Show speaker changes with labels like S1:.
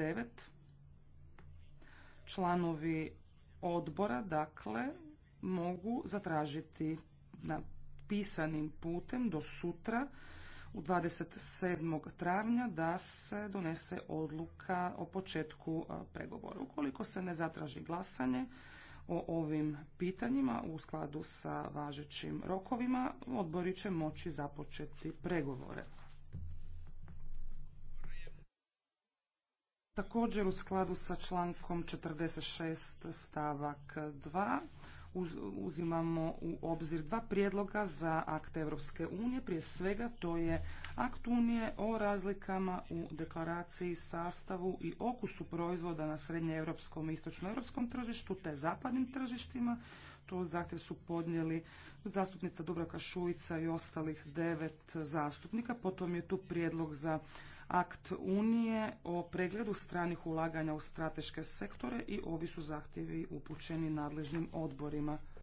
S1: 9. Članovi odbora, dakle, mogu zatražiti na pisanim putem do sutra u 27. travnja da se donese odluka o početku pregovora. Ukoliko se ne zatraži glasanje o ovim pitanjima u skladu sa važećim rokovima, odbori će moći započeti pregovore. Također u skladu sa člankom 46 stavak 2 uzimamo u obzir dva prijedloga za akt Europske unije. Prije svega to je akt unije o razlikama u deklaraciji, sastavu i okusu proizvoda na srednjeevropskom i istočnoeuropskom tržištu te zapadnim tržištima. To zahtjev su podnijeli zastupnica Dubravka Šuica i ostalih devet zastupnika. Potom je tu prijedlog za akt Unije o pregledu stranih ulaganja u strateške sektore i ovi su zahtjevi upućeni nadležnim
S2: odborima.